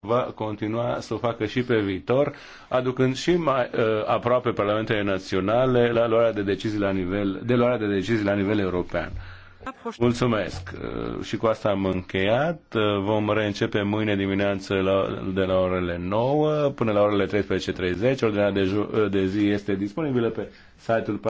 va continua să o facă și pe viitor, aducând și mai uh, aproape parlamentele naționale la luarea de decizii la nivel, de luarea de decizii la nivel european. Mulțumesc. Uh, și cu asta am încheiat. Uh, vom reîncepe mâine dimineață la, de la orele 9 până la orele 13.30. Ordinea de, uh, de zi este disponibilă pe site-ul